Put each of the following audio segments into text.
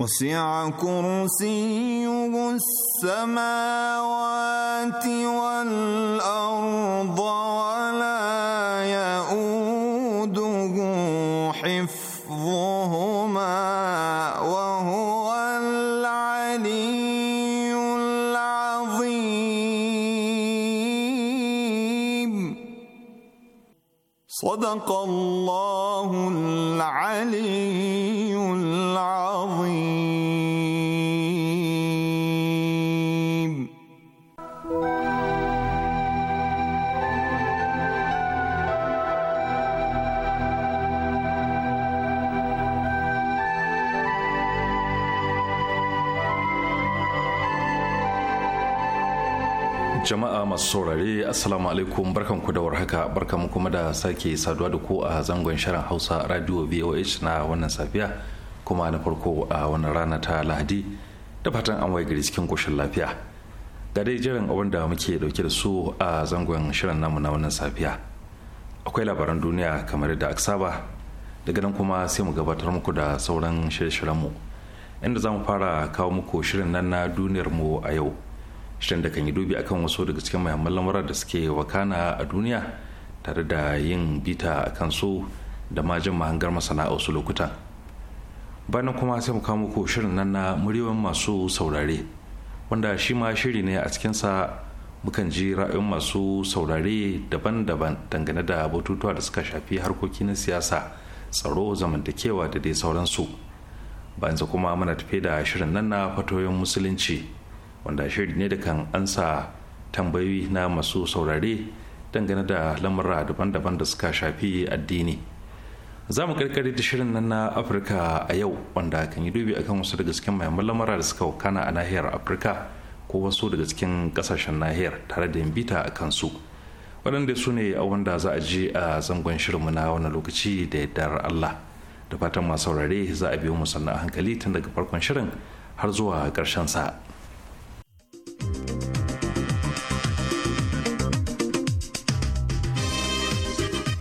وسع كرسيه السماوات والأرض ولا يئوده حفظهما وهو العلي العظيم صدق الله العليم jama'a masu saurare assalamu alaikum barkan ku da warhaka mu kuma da sake saduwa da ku a zangon shirin hausa radio voh na wannan safiya kuma na farko a wannan rana ta lahadi da fatan an waye gari cikin koshin lafiya ga dai jiran abin da muke dauke da su a zangon shirin namu na wannan safiya akwai labaran duniya kamar da aka saba daga nan kuma sai mu gabatar muku da sauran shirye-shiryenmu inda za mu fara kawo muku shirin nan na duniyarmu a yau shirin da kan yi dubi akan wasu daga cikin muhimman lamura da suke wakana a duniya tare da yin bita a kan su da ma jin mahangar masana a wasu lokutan bayan kuma sai mu kawo muku shirin nan na muryoyin masu saurare wanda shi ma shiri ne a cikinsa mukan ji ra'ayin masu saurare daban-daban dangane da batutuwa da suka shafi harkoki na siyasa tsaro zamantakewa da dai sauransu bayan kuma muna tafe da shirin nan na fatoyin musulunci wanda shiri ne da kan ansa tambayoyi na masu saurare dangane da lamura daban-daban da suka shafi addini za mu karkare da shirin nan na afirka a yau wanda kan yi dubi akan wasu daga cikin mahimman lamura da suka kana a nahiyar afirka ko wasu daga cikin kasashen nahiyar tare da yambita a kansu waɗanda su ne a wanda za a je a zangon shirinmu na wani lokaci da yardar allah da fatan masu saurare za a biyo mu sannan hankali tun daga farkon shirin har zuwa karshen sa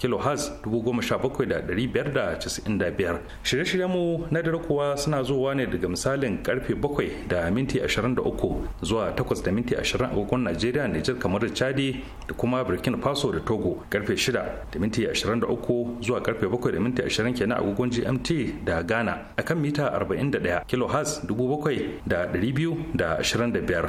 kilohertz 17595 shirye-shiryen mu na dare kuwa suna zuwa ne daga misalin karfe bakwai da minti 23 zuwa 8 da minti 20 agogon najeriya nijar kamar da chadi da kuma burkina faso da togo karfe shida da minti 23 zuwa karfe 7 da minti 20 kenan agogon gmt da ghana akan mita 41 kilohertz 7225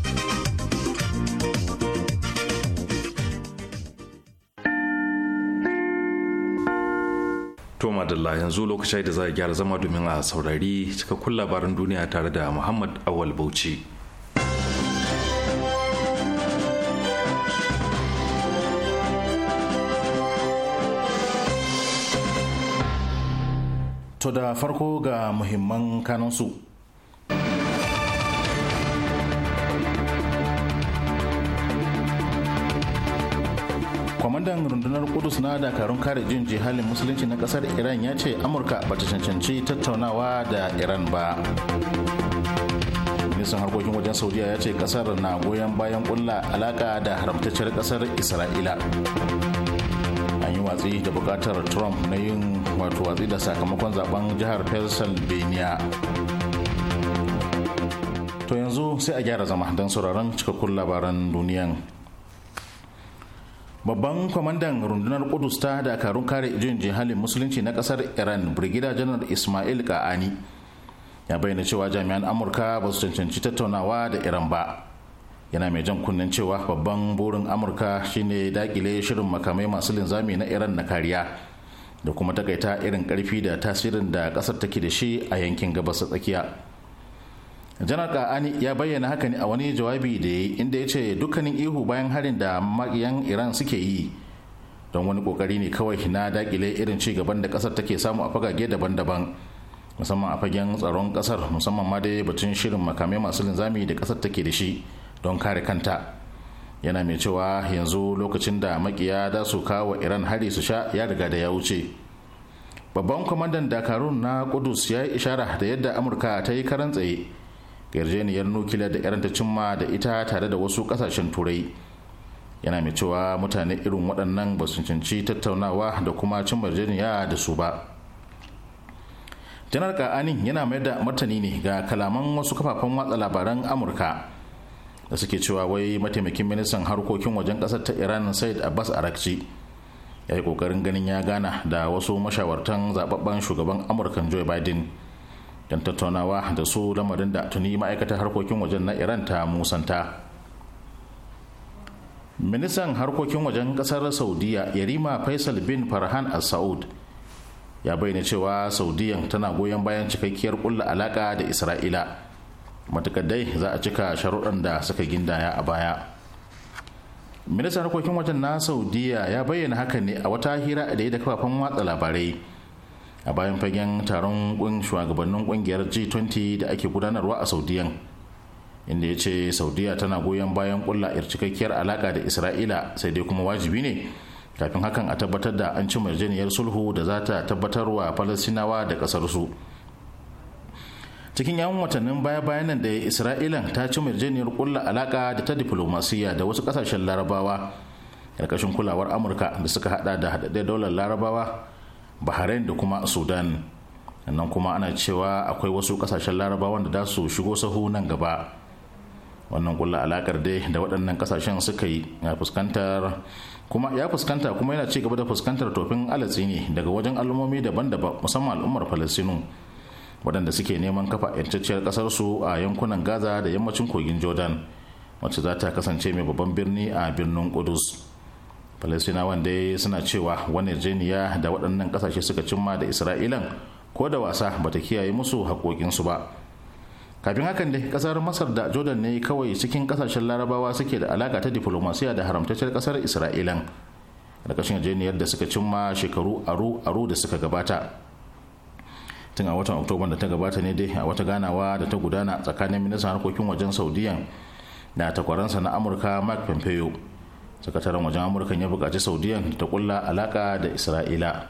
To madalla yanzu lokacin da za a gyara zama domin a saurari cikakkun labaran duniya tare da Muhammad Awal Bauchi. To da farko ga muhimman kanansu. kwamandan rundunar kudus na dakarun kare jin jihalin musulunci na kasar iran ya ce amurka bata cancanci tattaunawa da iran ba ministan harkokin wajen saudiya ya ce kasar na goyon bayan kulla alaka da haramtacciyar kasar isra'ila an yi watsi da bukatar trump na yin wato watsi da sakamakon zaben jihar pennsylvania to yanzu sai a gyara zama don sauraron cikakkun labaran duniyan babban kwamandan rundunar kudus ta dakarun kare jin jihalin musulunci na kasar iran brigida janar ismail ka'ani ya bayyana cewa jami'an amurka ba su cancanci tattaunawa da iran ba yana mai jan kunnen cewa babban burin amurka shine dakile shirin makamai masu linzami na iran na kariya da kuma takaita irin karfi da tasirin da kasar take da shi a yankin gabas tsakiya janar ka'ani ya bayyana haka ne a wani jawabi da ya inda ya ce dukkanin ihu bayan harin da maƙiyan iran suke yi don wani kokari ne kawai na dakile irin ci gaban da kasar take samu a fagage daban-daban musamman a fagen tsaron ƙasar musamman ma dai batun shirin makamai masu linzami da kasar take da shi don kare kanta yana mai cewa yanzu lokacin da maƙiya da su kawo iran hari su sha ya riga da ya wuce babban kwamandan dakarun na kudus ya yi ishara da yadda amurka ta yi karan tsaye yarjeniyar nukiliya da yaranta cimma da ita tare da wasu kasashen turai yana mai cewa mutane irin waɗannan ba su cinci tattaunawa da kuma cin yarjeniya da su ba janar ka'anin yana mayar da martani ne ga kalaman wasu kafafen watsa labaran amurka da suke cewa wai mataimakin ministan harkokin wajen ƙasar ta iran said abbas arakci ya yi ƙoƙarin ganin ya gana da wasu mashawartan zababben shugaban amurkan joe biden don tattaunawa da su lamarin da tuni ma'aikatar harkokin wajen na iran ta musanta ministan harkokin wajen kasar saudiya yarima faisal bin farhan al saud ya bayyana cewa saudiyan tana goyon bayan cikakkiyar kulla alaka da isra'ila matukar dai za a cika sharuɗan da suka gindaya a baya ministan harkokin wajen na saudiya ya bayyana haka ne a wata hira da ya da kafafen watsa labarai a bayan fagen taron shugabannin kungiyar g20 da ake gudanarwa a saudiyan inda ya ce saudiya tana goyon bayan kulla cikakkiyar alaka da isra'ila sai dai kuma wajibi ne kafin hakan a tabbatar da an ci yarjejeniyar sulhu da za ta tabbatarwa falasinawa da kasarsu cikin yawun watannin baya bayanan da isra'ila ta ci yarjejeniyar kulla alaka da ta diflomasiyya da wasu kasashen larabawa karkashin kulawar amurka da suka hada da haɗaɗɗen daular larabawa bahrain da kuma sudan nan kuma ana cewa akwai wasu kasashen larabawan da za su shigo sahu nan gaba wannan kulla alakar dai da waɗannan kasashen suka yi na fuskantar kuma ya fuskanta kuma yana ci gaba da fuskantar tofin alatsi ne daga wajen al'ummomi daban-daban musamman al'ummar falastinu waɗanda suke neman kafa ƙasar ƙasarsu a yankunan gaza da yammacin kogin jordan wacce za ta kasance mai babban birni a birnin kudus falastinawan dai suna cewa wani yarjejeniya da waɗannan ƙasashe suka cimma da isra'ilan ko da wasa ba ta kiyaye musu haƙoƙinsu ba kafin hakan dai ƙasar masar da jordan ne kawai cikin ƙasashen larabawa suke da alaƙa ta diflomasiya da haramtacciyar ƙasar isra'ilan ƙarƙashin yarjejeniyar da suka cimma shekaru aru aru da suka gabata tun a watan oktoba da ta gabata ne dai a wata ganawa da ta gudana tsakanin ministan harkokin wajen saudiyan na takwaransa na amurka mark pompeo sakataren wajen amurka ya bukaci saudiyan ta kulla alaka da isra'ila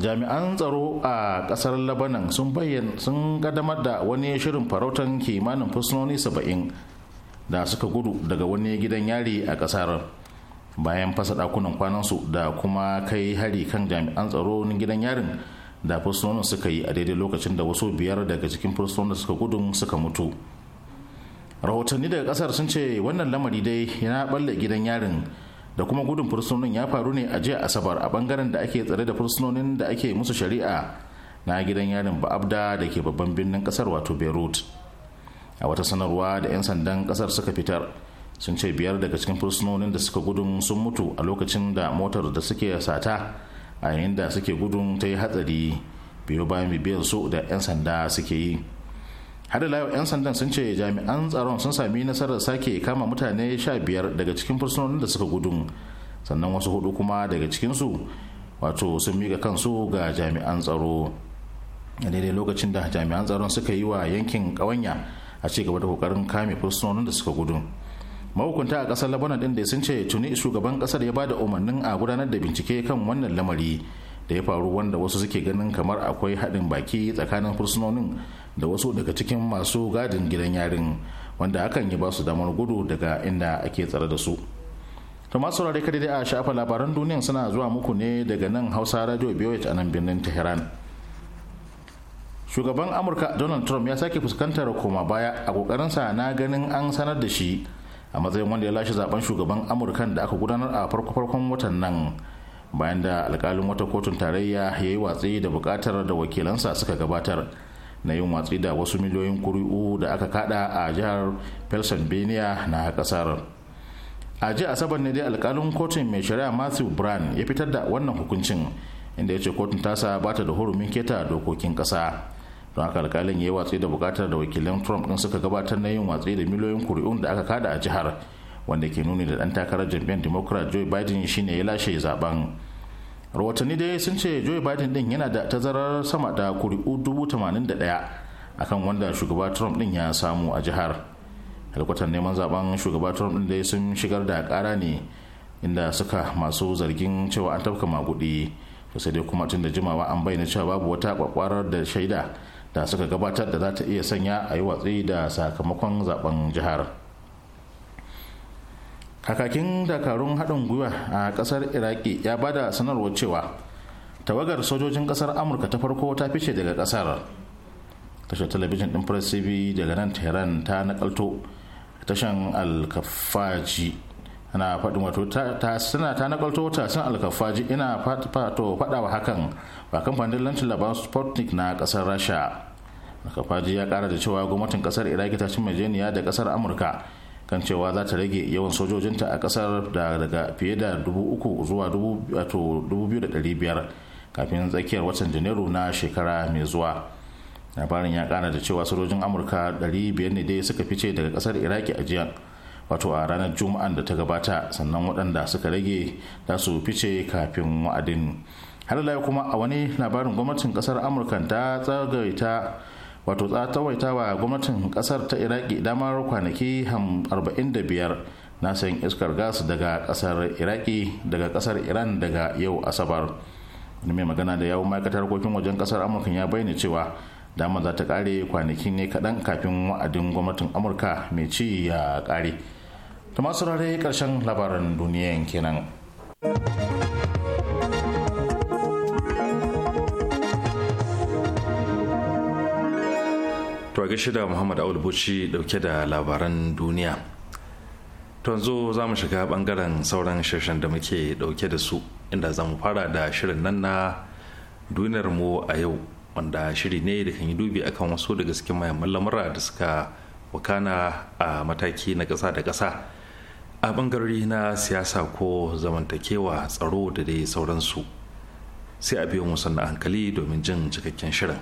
jami'an tsaro a ƙasar labanan sun bayyana sun ƙaddamar da wani shirin farautan kimanin fursunoni saba'in da suka gudu daga wani gidan yari a ƙasar bayan fasa ɗakunan kwanansu da kuma kai hari kan jami'an tsaro na gidan yarin da fursunonin suka yi a daidai lokacin da wasu biyar daga cikin fursunonin suka gudun suka mutu. rahotanni daga kasar sun ce wannan lamari dai yana balle gidan yarin da kuma gudun fursunonin ya faru ne a jiya asabar a bangaren da ake tsare da fursunonin da ake musu shari'a na gidan yarin ba'abda da ke babban birnin kasar wato beirut a wata sanarwa da 'yan sandan kasar suka fitar sun ce biyar daga cikin fursunonin da suka gudun sun mutu a lokacin da motar da suke sata a yayin da suke gudun ta yi hatsari biyo bayan bibiyar su da 'yan sanda suke yi har da layo 'yan sandan sun ce jami'an tsaron sun sami nasarar sake kama mutane sha biyar daga cikin fursunonin da suka gudun sannan wasu hudu kuma daga cikinsu wato sun miƙa kansu ga jami'an tsaro a daidai lokacin da jami'an tsaron suka yi wa yankin ƙawanya a ci gaba da kokarin kame fursunonin da suka gudun mahukunta a ƙasar labanan ɗin da sun ce tuni shugaban kasar ya bada umarnin a gudanar da bincike kan wannan lamari da ya faru wanda wasu suke ganin kamar akwai haɗin baki tsakanin fursunonin da wasu daga cikin masu gadin gidan yarin wanda akan yi basu damar gudu daga inda ake tsare da su to masu rare kada dai a shafa labaran duniyan suna zuwa muku ne daga nan hausa radio biyoyi a nan birnin tehran shugaban amurka donald trump ya sake fuskantar koma baya a kokarin sa na ganin an sanar da shi a matsayin wanda ya lashe zaben shugaban amurka da aka gudanar a farko-farkon watan nan bayan da alkalin wata kotun tarayya ya yi watsi da bukatar da wakilansa suka gabatar na yin watsi da wasu miliyoyin kuri'u da aka kada a jihar pennsylvania na kasar a ji asabar ne dai alkalin kotun mai shari'a matthew brown ya fitar da wannan hukuncin inda ya ce kotun tasa ba ta da hurumin keta dokokin kasa don haka alkalin ya yi watsi da bukatar da wakilan trump din suka gabatar na yin watsi da miliyoyin kuri'un da aka kada a jihar wanda ke nuni da dan takarar jam'iyyar democrat joe biden shine ya lashe zaben rahotanni dai sun ce joe biden din yana da tazarar sama da kuri'u 81 akan wanda shugaba trump din ya samu a jihar halkwatan neman zaben shugaba trump din dai sun shigar da kara ne inda suka masu zargin cewa an tafka magudi sai dai kuma tun da jimawa an bayyana cewa babu wata kwakwarar da shaida da suka gabatar da za ta iya sanya a yi watsi da sakamakon zaben jihar. kakakin dakarun haɗin gwiwa a ƙasar iraki ya bada sanarwar cewa tawagar sojojin ƙasar amurka ta farko ta fice daga ƙasar tashar talabijin ɗin press daga nan tehran ta nakalto tashan alkafaji ana faɗin wato suna ta nakalto ta sun alkafaji ina fato faɗawa hakan ba kamfanin lantin labaran sputnik na ƙasar rasha alkafaji ya ƙara da cewa gwamnatin ƙasar iraki ta ci majeniya da ƙasar amurka kan cewa za ta rage yawan sojojinta a kasar da daga fiye da 3,000 zuwa 2,500 kafin tsakiyar watan janairu na shekara mai zuwa labarin ya kara da cewa sojojin amurka 500 ne dai suka fice daga kasar iraki a jiya wato a ranar juma'an da ta gabata sannan waɗanda suka rage za su fice kafin wa'adin har kuma a wani labarin gwamnatin kasar amurka ta tsagaita wato za ta waita wa gwamnatin kasar ta iraki damar kwanaki 45 na sayan iskar gas daga kasar iraki daga kasar iran daga yau asabar wani mai magana da yawon ma'aikatar harkokin wajen kasar amurka ya bayyana cewa dama za ta kare kwanaki ne kaɗan kafin wa'adin gwamnatin amurka mai ci ya kare ta masu karshen labaran duniya kenan. to a gashi da muhammad awul bauchi dauke da labaran duniya to yanzu za mu shiga bangaren sauran shirshen da muke dauke da su inda za mu fara da shirin nan na duniyar mu a yau wanda shiri ne da kan yi dubi akan wasu daga cikin mayan lamura da suka wakana a mataki na ƙasa da ƙasa a bangarori na siyasa ko zamantakewa tsaro da dai sauransu sai a biyo musan hankali domin jin cikakken shirin.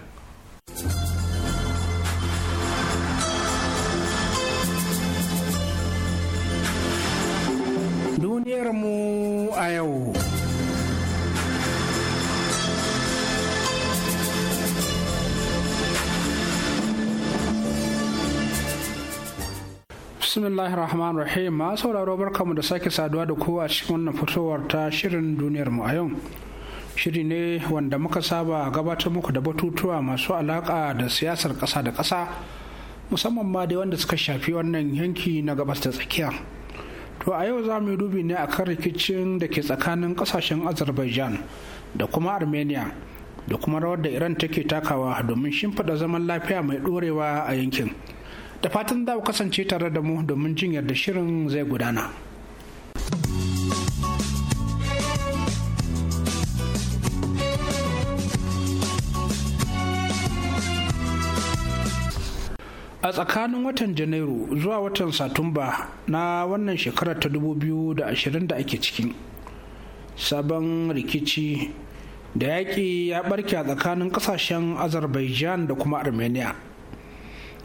mu a yau. bismillahir rahmanir rahim ma sauraro barkamu da sake saduwa da kowa cikin wannan fitowar ta shirin duniyar mu a yau shiri ne wanda muka saba gabatar muku da batutuwa masu alaka da siyasar kasa da kasa musamman ma dai wanda suka shafi wannan yanki na gabas da tsakiya to a yau za mu yi dubi ne akan rikicin da ke tsakanin kasashen azerbaijan da kuma armenia da kuma rawar da iran take takawa domin shimfiɗa zaman lafiya mai ɗorewa a yankin da fatan za kasance tare da mu domin jin yadda shirin zai gudana. tsakanin watan janairu zuwa watan satumba na wannan shekarar ta 2020 da ake cikin. sabon rikici da yaƙi ya barke a tsakanin ƙasashen azerbaijan da kuma armenia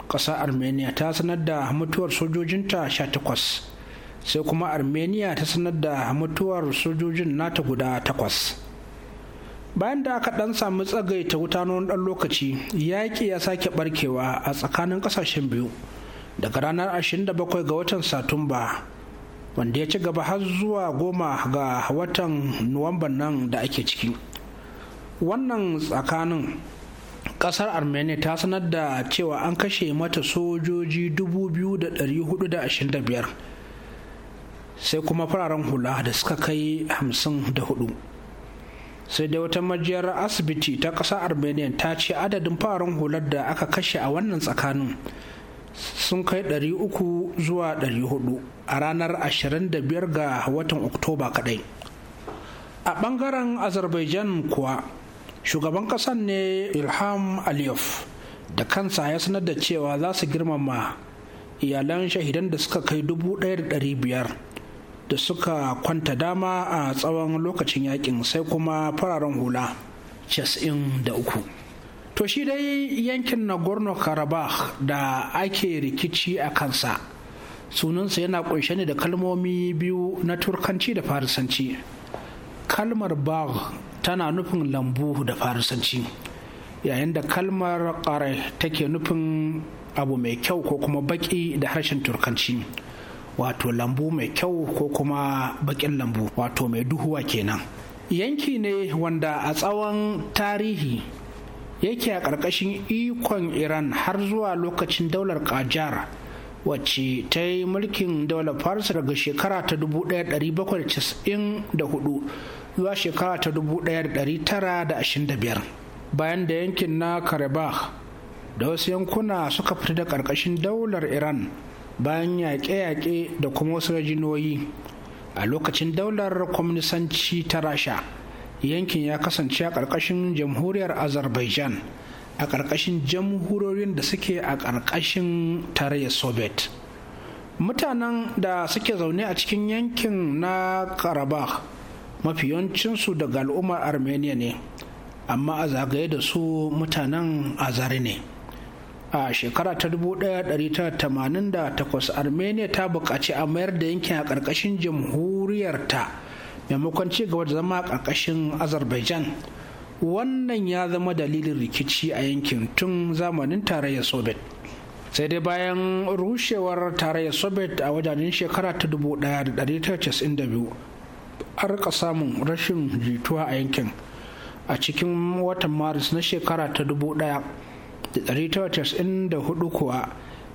ƙasa armenia ta sanar da mutuwar sojojinta 18 sai kuma armenia ta sanar da mutuwar sojojin nata guda takwas bayan da aka dan samu ta wuta na dan lokaci yaƙi ya sake barkewa a tsakanin ƙasashen biyu daga ranar 27 ga watan satumba wanda ya ci gaba har zuwa goma ga watan nuwamban nan da ake ciki wannan tsakanin kasar armenia ta sanar da cewa an kashe mata sojoji 2,425 sai kuma fararen hula da suka kai 54 sai dai wata majiyar asibiti ta ƙasa armenia ta ce adadin fararen hular da aka kashe a wannan tsakanin sun kai 300 zuwa 400 a ranar 25 ga watan oktoba kadai a bangaren azerbaijan kuwa shugaban kasan ne ilham aliyev da kansa ya sanar da cewa za su girmama iyalan shahidan da suka kai 1,500 da suka kwanta dama a tsawon lokacin yakin sai kuma fararen hula cas'in da uku to shi dai yankin nagorno karabakh da ake rikici a kansa sunansa yana kunshe ne da kalmomi biyu na turkanci da farisanci kalmar bagh tana nufin lambu da farisanci yayin da kalmar kare take nufin abu mai kyau ko kuma baki da harshen turkanci wato lambu mai kyau ko kuma bakin lambu wato mai duhuwa kenan yanki ne wanda a tsawon tarihi yake a ƙarƙashin ikon iran har zuwa lokacin daular kajar wacce ta yi mulkin daular faris daga shekara ta 1794 zuwa shekara ta 1925 bayan da yankin na karabakh da wasu yankuna suka fita da ƙarƙashin daular iran bayan yaƙe-yaƙe da kuma wasu rajinoyi a lokacin daular kwamnisanci ta rasha yankin ya kasance a ƙarƙashin jamhuriyar azerbaijan a ƙarƙashin jamhurorin da suke a ƙarƙashin tarayyar soviet mutanen da suke zaune a cikin yankin na karabakh mafi yawancinsu daga al'ummar armenia ne amma a zagaye da su mutanen azari ne a shekara ta 1988 armenia ta buƙaci a mayar da yankin a ƙarƙashin jamhuriyarta maimakon ci gaba da zama a ƙarƙashin azerbaijan wannan ya zama dalilin rikici a yankin tun zamanin tarayyar soviet sai dai bayan rushewar tarayyar soviet a wajajen shekara ta 1992 har ka samun rashin jituwa a yankin a cikin watan maris na shekara ta 1000 1994 kuwa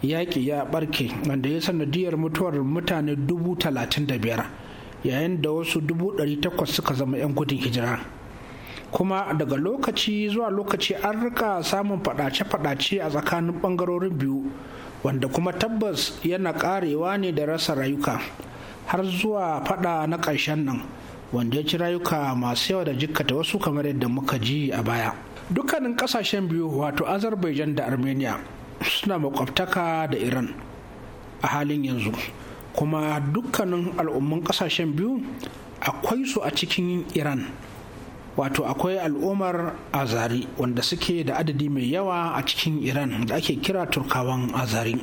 yaƙi ya ɓarke wanda ya sanadiyar mutuwar mutane 35,000 yayin da wasu 800,000 suka zama 'yan gudun hijira kuma daga lokaci zuwa lokaci an rika samun faɗace-faɗace a tsakanin ɓangarorin biyu wanda kuma tabbas yana ƙarewa ne da rasa rayuka har zuwa faɗa na ƙarshen nan wanda ya ci rayuka masu yawa da jikkata wasu kamar yadda muka ji a baya. dukkanin kasashen biyu wato azerbaijan da armenia suna makwabtaka da iran a halin yanzu kuma dukkanin al'umman kasashen biyu akwai su a cikin iran wato akwai al'ummar azari wanda suke da adadi mai yawa a cikin iran da ake kira turkawan azari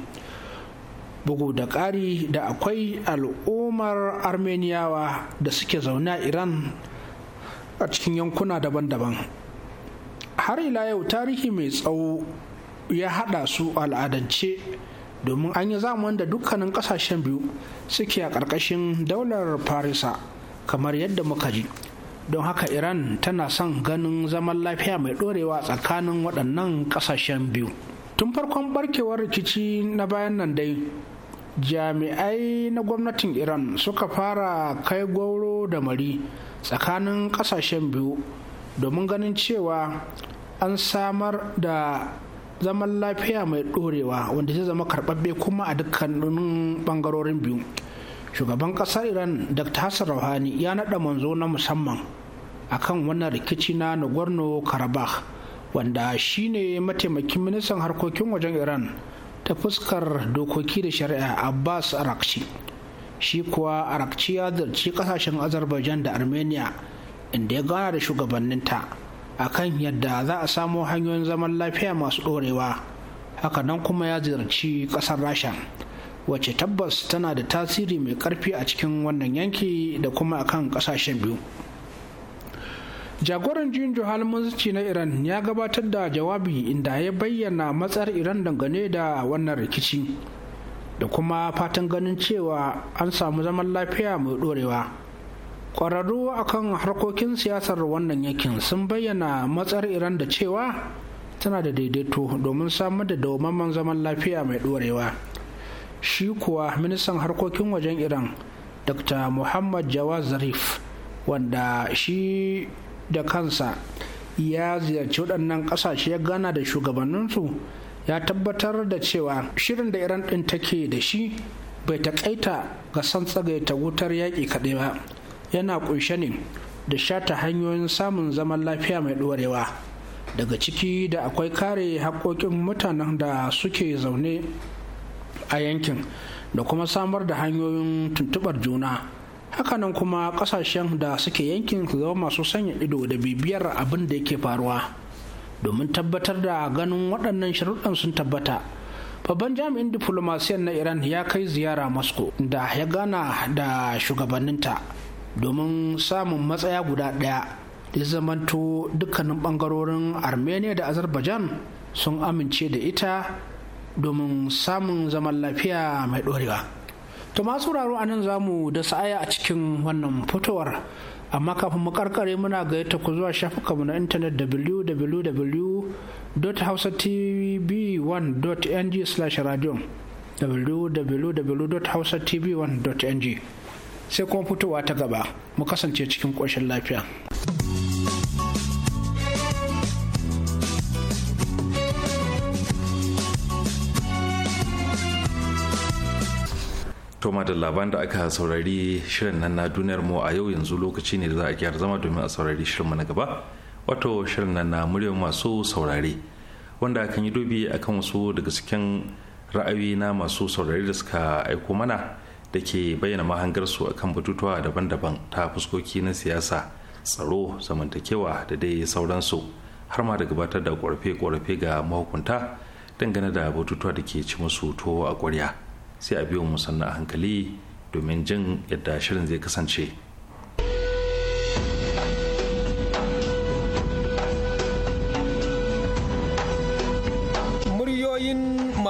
bugu da ƙari da akwai al'ummar armeniyawa da suke zaune a iran a cikin yankuna daban-daban har ila yau tarihi mai tsawo ya haɗa su al'adance domin an yi zaman da dukkanin ƙasashen biyu suke a ƙarƙashin daular farisa kamar yadda muka ji don haka iran tana son ganin zaman lafiya mai ɗorewa tsakanin waɗannan ƙasashen biyu tun farkon barkewar rikici na bayan nan dai jami'ai na gwamnatin iran suka fara kai gauro da mari tsakanin ƙasashen biyu domin ganin cewa an samar da zaman lafiya mai ɗorewa wanda zai zama karɓaɓɓe kuma a dukkanin ɓangarorin biyu shugaban ƙasar iran dr hassan rouhani ya naɗa manzo na musamman akan wannan rikici na nagorno karabakh wanda shine mataimakin ministan harkokin wajen iran ta fuskar dokoki da shari'a abbas arakci shi kuwa arakci ya zarci kasashen azerbaijan da armenia inda ya gana da shugabanninta a kan yadda za a samo hanyoyin zaman lafiya masu ɗorewa hakanan kuma ya ziyarci ƙasar rasha wacce tabbas tana da tasiri mai ƙarfi a cikin wannan yanki da kuma a kan ƙasashen biyu jagoran jin johal musulci na iran ya gabatar da jawabi inda ya bayyana matsar iran dangane da wannan rikici da kuma fatan ganin cewa an samu zaman lafiya mai ɗorewa ƙwararru kan harkokin siyasar wannan yakin sun bayyana matsar iran da cewa tana da daidaito domin samar da dawamamman zaman lafiya mai ɗorewa shi kuwa ministan harkokin wajen iran dr muhammad jawad zarif wanda shi da kansa ya ziyarci waɗannan ƙasashe ya gana da shugabanninsu ya tabbatar da cewa shirin da iran ɗin take da shi bai taƙaita ga san tsagaita wutar yaƙi kaɗai ba yana kunshe ne da shata hanyoyin samun zaman lafiya mai ɗorewa daga ciki da akwai kare haƙoƙin mutanen da suke zaune a yankin da kuma samar da hanyoyin tuntubar juna hakanan kuma ƙasashen da suke yankin su zama masu sanya ido da bibiyar abin da yake faruwa domin tabbatar da ganin waɗannan sharuɗan sun tabbata babban jami'in diflomasiyan na iran ya kai ziyara moscow da ya gana da shugabanninta domin samun matsaya guda ɗaya da zamanto dukkanin ɓangarorin armenia da azerbaijan sun amince da ita domin samun zaman lafiya mai ɗorewa. to masu raro a nan za da sa'aya a cikin wannan fitowar amma kafin mu karkare muna gayyata ku zuwa mu na intanet www.hausatv1.ng/radio www.hausatv1.ng sai kuma fitowa ta gaba mu kasance cikin ƙoshin lafiya. Toma da laban da aka saurari shirin nan na duniyar mu a yau yanzu lokaci ne da za a gyara zama domin a saurari shirinmu na gaba wato shirin nan na muryar masu saurari wanda kan yi dubi akan wasu daga cikin ra'ayi na masu saurari da suka aiko mana da ke bayyana mahangarsu a kan batutuwa daban-daban ta fuskoki na siyasa tsaro zamantakewa da dai sauransu har ma da gabatar da ƙorafe-ƙorafe ga mahukunta dangane da batutuwa da ke ci musu tuwo a ƙwarya sai a biyo musanna a hankali domin jin yadda shirin zai kasance.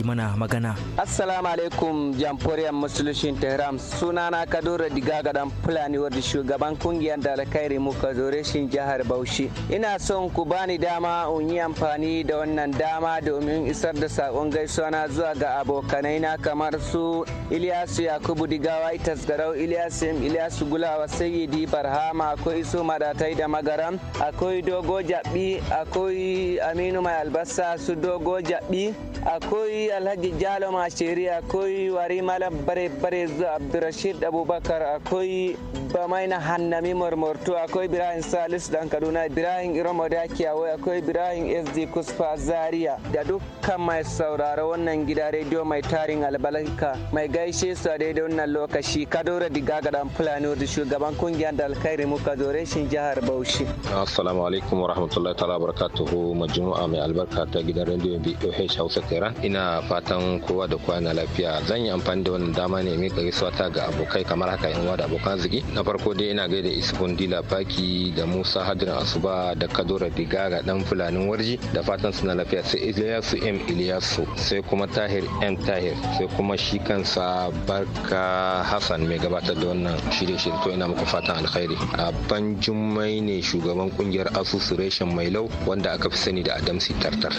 yi mana magana. Assalamu alaikum jamforiyar musulushin Tehran sunana kadora Diga dan Fulani wadda shugaban kungiyar dalakai Remuka Zoreshin jihar Bauchi. Ina son ku bani dama in yi amfani da wannan dama domin isar da sakon gaisuwa na zuwa ga abokanai na kamar su Ilyasu Yakubu Digawa Itas Garau Ilyasu Ilyasu Gulawa Sayyidi Barhama akwai Iso Madatai da Magaram akwai Dogo Jabi akwai Aminu Mai Albasa su Dogo Jabi akwai alhaji jalo mashiri akwai wari malam bare bare abdurashid abubakar akwai bamaina hannami marmarto akwai ibrahim salis dan kaduna ibrahim iroma dakiyawa akwai ibrahim sd kusfa zaria da dukkan mai sauraro wannan gida rediyo mai tarin albalanka mai gaishe su a daidai wannan lokaci kadora diga gadan fulani da shugaban kungiyar da alkhairi muka zore shin jihar bauchi assalamu alaikum wa rahmatullahi ta'ala barakatuhu majmu'a mai albarka ta gidan rediyo boh hausa tehran ina fatan kowa da kowa na lafiya zan yi amfani da wannan dama ne mika gaisuwa ta ga abokai kamar haka yan da abokan arziki na farko dai ina gaida isfun dila faki da musa hadirin asuba da kadora digaga dan fulanin warji da fatan suna lafiya sai iliyasu m iliyasu sai kuma tahir m tahir sai kuma shi kansa barka hassan mai gabatar da wannan shirye shirye to ina muku fatan alkhairi a ban jummai ne shugaban kungiyar asusu reshen mailau wanda aka fi sani da adamsi tartar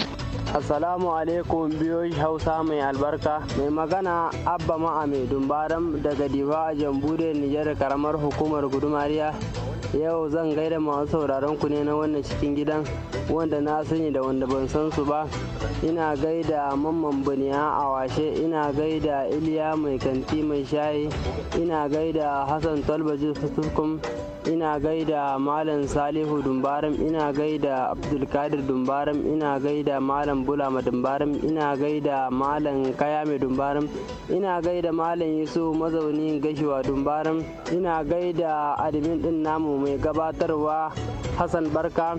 assalamu alaikum biyoyi hausa mai albarka mai magana abba ma'a mai dumbaram daga diba a jambude nijar karamar hukumar gudumariya yau zan gaida masu sauraron ku ne na wannan cikin gidan wanda na sani da wanda ban san su ba ina gaida mamman baniya a washe ina gaida iliya mai kanti mai shayi ina gaida hassan talbaji sutukum ina gaida malam salihu dumbaram ina gaida abdulkadir dumbaram ina gaida malam bulama dumbaram ina gaida malam kayame dumbaram ina gaida malam yusuf mazaunin gashiwa dumbaram ina gaida admin din namu mai gabatarwa hassan barka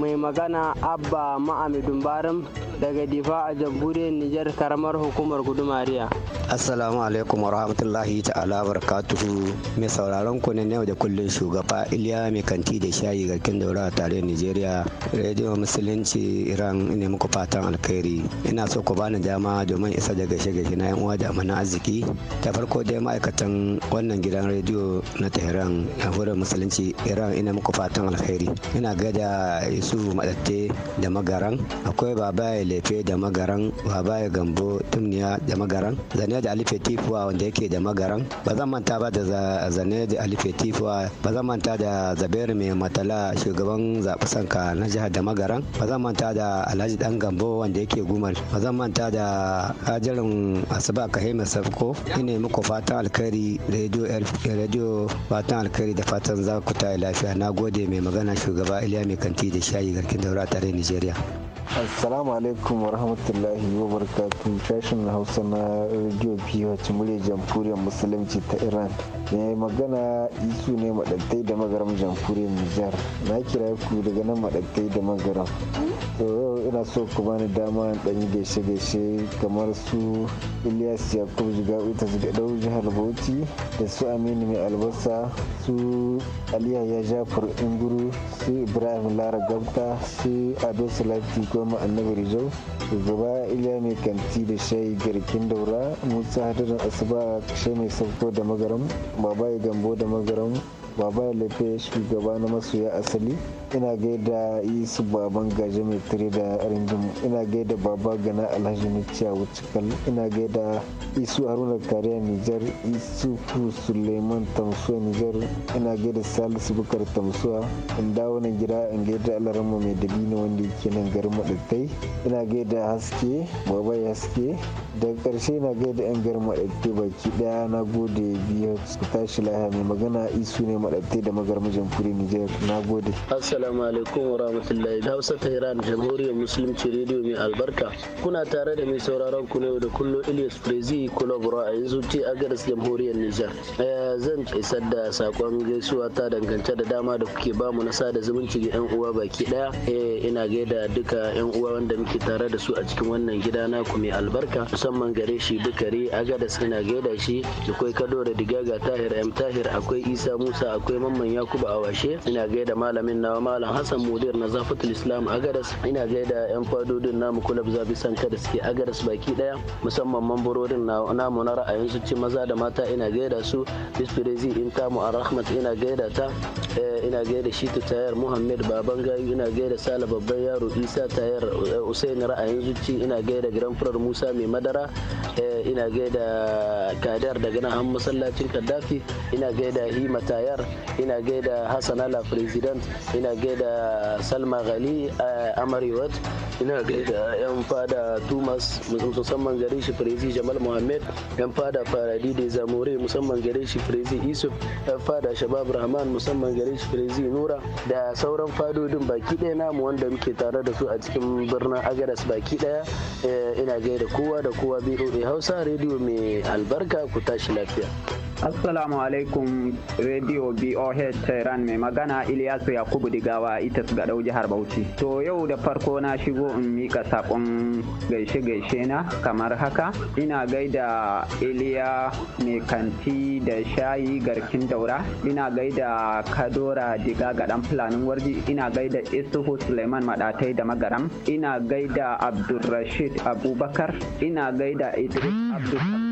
mai magana abba ma'amidun baram daga difa a jamhuriyar nijar karamar hukumar gudumariya assalamu alaikum warahmatullahi ta'ala barakatuhu mai sauraron ku ne yau da kullun shugaba iliya mai kanti da shayi garkin daura a tarayyar nigeria rediyo musulunci iran ne muku fatan alkhairi ina so ku bani dama domin isa da gashe gaishe na yan uwa da amana arziki ta farko dai ma'aikatan wannan gidan rediyo na tehran jamhuriyar musulunci iran ina muku fatan alkhairi ina gada su madatte da magaran akwai babaye lefe da magaran babaye gambo tumniya da magaran zane da alife tifuwa wanda yake da magaran ba zan manta ba da zane da alife tifuwa ba zan manta da zaberi mai matala shugaban zaɓi sanka na jihar da magaran ba zan manta da alhaji dan gambo wanda yake gumar ba zan manta da hajarin asuba kahima sabko ina muku fatan alkhairi radio fatan alkhairi da fatan za ku ta lafiya na gode mai magana shugaba iliya mai kanti da sha yi garkin daura tare Nijeriya. assalamu alaikum warahmatullahi wabarakatuh sashen hausa na radio wacce murya jamhuriyar musulunci ta iran mai magana isu ne madattai da magaram jamhuriyar nijar na kira ku daga nan madattai da magaram to yau ina so ku bani dama dan yi gaishe gaishe kamar su ilyas yakub jiga'u ta dau jihar bauchi da su aminu mai albasa su aliya ya jafar inguru su ibrahim lara gamta su ado salati Adamu Annabi Rijau, shugaba Iliya mai kanti da shayi garkin daura, Musa Hadarin Asuba kashe mai sauko da magaram, Babaye Gambo da magaram, Babaye Lefe shugaba na masoya asali, ina gaida isu baban gaji mai tire da rindin ina gaida baba gana alhaji wuce wucikal ina gaida isu haruna kariya nijar isu suleiman tamsuwa nijar ina gaida salisu bukar tamsuwa in dawo nan gida in gaida alarama mai dabino wanda yake nan garin maɗattai ina gaida haske baba haske daga ƙarshe ina gaida yan garin maɗattai baki ɗaya na gode biyu su tashi lahiya mai magana isu ne maɗattai da magarmajin fure nijar na gode Assalamu alaikum wa rahmatullahi da Hausa ta Iran Jamhuriyar Musulunci rediyo mai albarka. Kuna tare da mai sauraron ku yau da kullum Ilyas Prezi Kulabura a yanzu ce a garis Jamhuriyar Nijar. Eh, zan isar da sakon gaisuwa ta dangance da dama da kuke ba mu na da zumunci ga 'yan uwa baki ɗaya. Eh, ina gaida duka 'yan uwa wanda muke tare da su a cikin wannan gida naku mai albarka musamman gare shi Bukari a garis ina gaida shi akwai Kadore Digaga Tahir M Tahir akwai Isa Musa akwai Mamman Yakubu Awashe ina gaida malamin nawa malam hassan mudir na zafatul islam agadas ina gaida yan fadodin namu kulab zabi sanka da suke agadas baki daya musamman mamburorin namu na ra'ayin su ce maza da mata ina gaida su Bisprezi in tamu a rahmat ina gaida ta eh, ina gaida shi ta tayar Muhammed baban gayu ina gaida sala babban yaro isa tayar eh, usaini ra'ayin zuci ina gaida giran furar musa mai madara eh, ina gaida kadar daga nan an masallacin kaddafi ina gaida hima tayar ina gaida hassan ala president ina gaida salma ghali a amariwat ina gaida yan fada tumas musamman gare shi firizi jamal muhammed yan fada faradi da zamore musamman gare shi firizi isuf yan fada shabab rahman musamman gare shi firizi nura da sauran fadodin baki ɗaya namu wanda muke tare da su a cikin birnin agadas baki ɗaya eh, ina gaida kowa da kowa boa hausa rediyo mai albarka ku tashi lafiya. Assalamu alaikum Radio BOH Tehran mai magana Ilyasu Yakubu Digawa ita su gadau jihar Bauchi. To yau da farko na shigo in mika saƙon gaishe-gaishe na kamar haka ina gaida Iliya mai kanti da shayi garkin daura ina gaida Kadora Diga gadan fulanin warji ina gaida Isuhu Suleiman maɗatai da Magaram ina gaida Abdulrashid Abubakar ina gaida Idris Abdul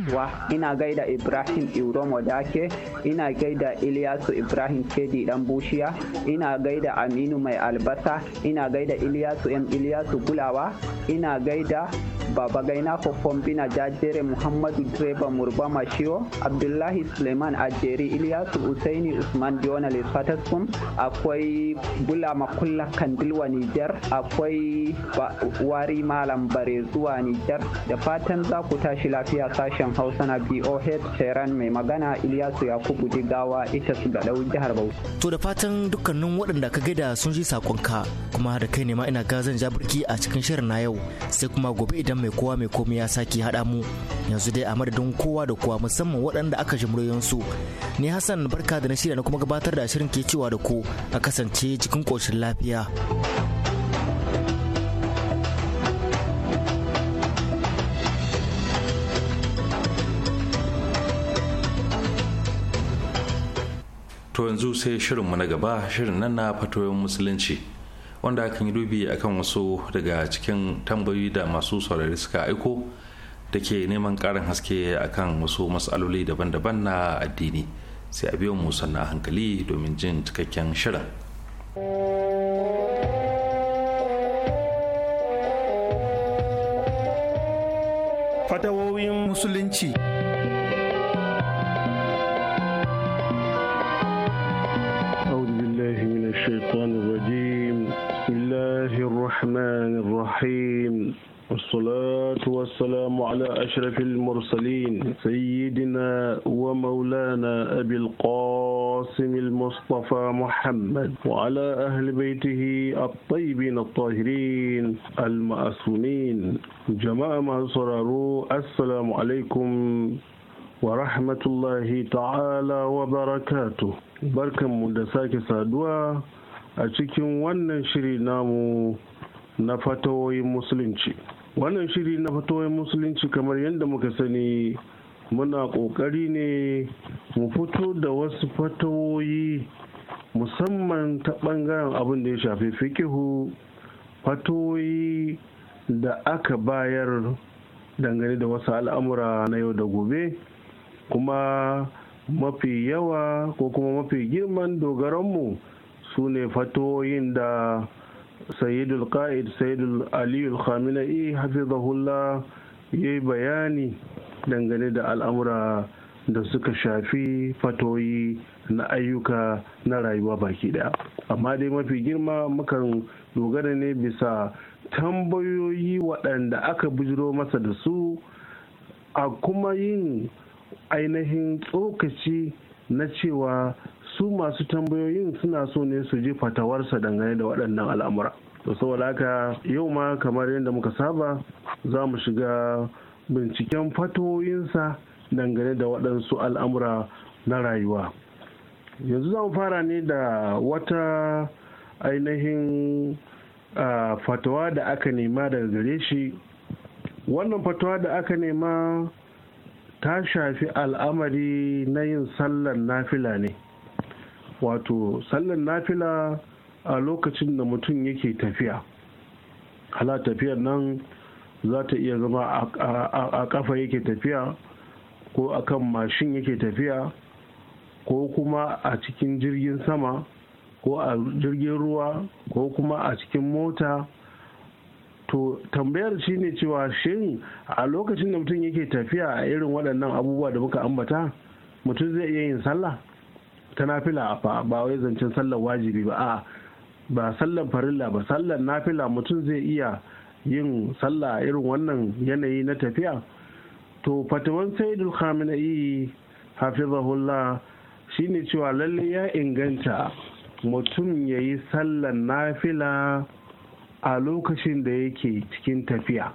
ina gaida ibrahim iromo dake ina gaida iliyasu ibrahim kedi dan bushiya ina gaida aminu mai albasa ina gaida iliyasu m iliyasu gulawa ina gaida baba gaina ko bina jajere muhammadu direba murba mashiro abdullahi suleiman ajeri iliyasu usaini usman diona lesfataskum akwai bula makulla kandilwa nijar akwai wari malam bare zuwa nijar da fatan za ku tashi lafiya sashen hausa na boh tehran mai magana iliyasu yakubu digawa ita su ga jihar bauchi to da fatan dukkanin waɗanda ka gaida sun ji sakonka kuma da kai ne ma ina gazan jabirki a cikin shirin na yau sai kuma gobe idan idan mai kowa mai komai ya sake haɗa mu yanzu dai a madadin kowa da kowa musamman waɗanda aka jimriyon su ni hassan barka da na shirya na kuma gabatar da shirin ke cewa da ku a kasance cikin ƙoshin lafiya to yanzu sai shirin mu na gaba shirin nan na fatoyin musulunci wanda kan yi dubi akan wasu daga cikin tambayoyi da masu saurari suka aiko da ke neman ƙarin haske a kan wasu matsaloli daban-daban na addini sai a biyo mu na hankali domin jin cikakken shirin. Fatawoyin Musulunci والصلاة والسلام على أشرف المرسلين سيدنا ومولانا أبي القاسم المصطفى محمد وعلى أهل بيته الطيبين الطاهرين المأسومين جماعة مصرارو السلام عليكم ورحمة الله تعالى وبركاته بركة مدساك سادوا أشكي ونشري نامو na fatawoyin musulunci wannan shiri na fatoyin musulunci kamar yadda muka sani muna ƙoƙari ne mu fito da wasu fatoyi musamman ta ɓangaren abin da ya shafi fikihu fatoyi da aka bayar dangane da wasu al'amura na yau da gobe kuma mafi yawa ko kuma mafi girman dogaranmu su ne fatoyin da sayyidul Aliyu sayyidul aliyul khamenei hafizahullah ya yi bayani dangane da al'amura da suka shafi fatoyi na ayyuka na rayuwa baki daya amma dai mafi girma mukan dogara ne bisa tambayoyi waɗanda aka bujiro masa da su a kuma yin ainihin tsokaci na cewa su masu tambayoyin suna so ne su ji fatawarsa dangane da waɗannan al'amura to saboda haka yau ma kamar yadda muka saba za mu shiga binciken fatoyinsa dangane da waɗansu al'amura na rayuwa yanzu za mu fara ne da wata ainihin fatawa da aka nema daga gare shi wannan fatawa da aka nema ta shafi al'amari na yin sallar nafila ne wato sallan nafila a lokacin da mutum yake tafiya hala tafiyar nan za ta iya zama a kafa yake tafiya ko a kan mashin yake tafiya ko kuma a cikin jirgin sama ko a jirgin ruwa ko kuma a cikin mota to tambayar shine cewa shin a lokacin da mutum yake tafiya a irin waɗannan abubuwa da muka ambata mutum zai iya yin sallah ta nafila fa ba wai zancen sallar wajibi ba a ba sallar farilla ba sallar nafila mutum zai iya yin sallah irin wannan yanayi na tafiya to fatiman saidul khamenei hafizahullah shine cewa lalle ya inganta mutum ya yi sallar nafila a lokacin da yake cikin tafiya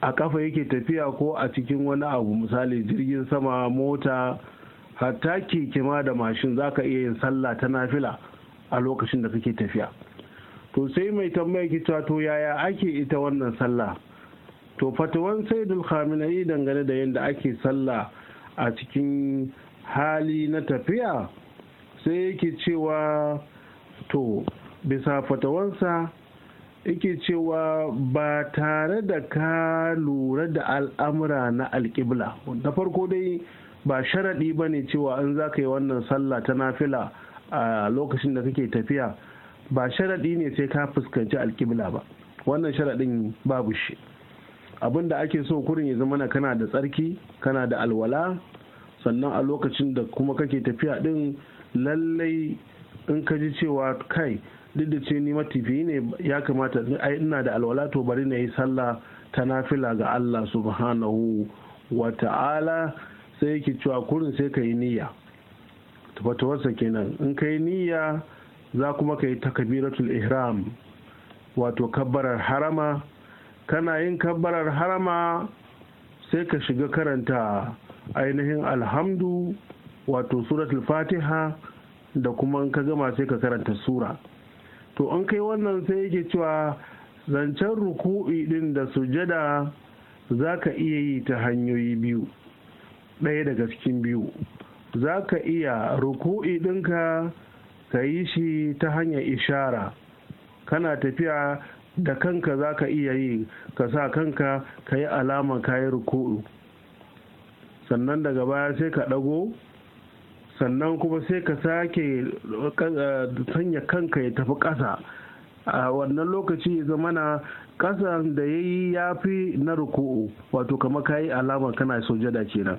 a kafa yake tafiya ko a cikin wani abu misali jirgin sama mota hatta keke ma da mashin za ka iya yin sallah ta nafila a lokacin da kake tafiya to sai mai tambaya ki to yaya ake ita wannan sallah to fatawan saidul khamenei dangane da yadda ake sallah a cikin hali na tafiya sai yake cewa to bisa fatawansa yake cewa ba tare da ka lura da al'amura na alƙibla da farko dai ba sharaɗi ba ne cewa in za ka yi wannan sallah ta nafila a lokacin da kake tafiya ba sharaɗi ne sai ka fuskanci alkibla ba wannan sharaɗin babu shi abin da ake so kurin ya zama na kana da tsarki kana da alwala sannan a lokacin da kuma kake tafiya ɗin lallai in ka ji cewa kai duk da ce ni matifi ne ya kamata ina da alwala to bari na yi sallah ta nafila ga Allah subhanahu wa ta'ala sai yake cewa kurin sai ka yi niyya fatuwarsa kenan in ka yi niyya za kuma ka yi takabiratul ihram wato kabbarar harama kana yin kabbarar harama sai ka shiga karanta ainihin alhamdu wato suratul fatiha da kuma in ka gama sai ka karanta sura to in kai wannan sai yake cewa zancen ruku'i din da sujada za ka iya yi ta hanyoyi biyu ɗaya daga cikin biyu za ka iya ruku'i ɗinka ka yi shi ta hanyar ishara kana tafiya da kanka za ka iya yi ka sa kanka ka yi alama ka yi ruku'u sannan daga baya sai ka ɗago sannan kuma sai ka sake eh, sanya kanka ya tafi ƙasa a wannan lokaci ya zamana ƙasan da ya yi ya fi na ruku'u wato kama ka yi alama kana sojada kenan.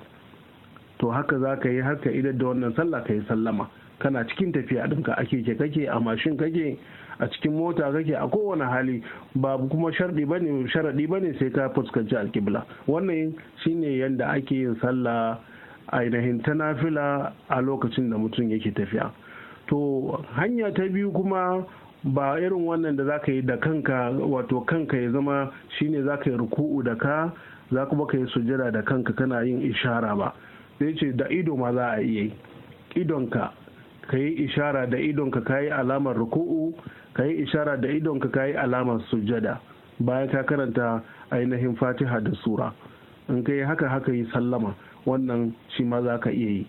to haka za ka yi haka idan da wannan sallah ka yi sallama kana cikin tafiya ɗinka ake ke kake a mashin kake a cikin mota kake a kowane hali ba kuma sharɗi ba ne sharaɗi ba ne sai ka fuskanci alƙibla wannan shine yadda ake yin sallah ainihin ta nafila a lokacin da mutum yake tafiya to hanya ta biyu kuma ba irin wannan da zaka yi da kanka wato kanka ya zama shine zaka yi ruku'u da ka za kuma ka yi sujada da kanka kana yin ishara ba sai ce da ido ma za a iya yi idonka ka yi ishara da idonka ka yi alamar ruku'u ka yi ishara da idonka ka yi alamar sujada bayan ka karanta ainihin fatiha da sura in ka yi haka haka yi sallama wannan shi ma za ka iya yi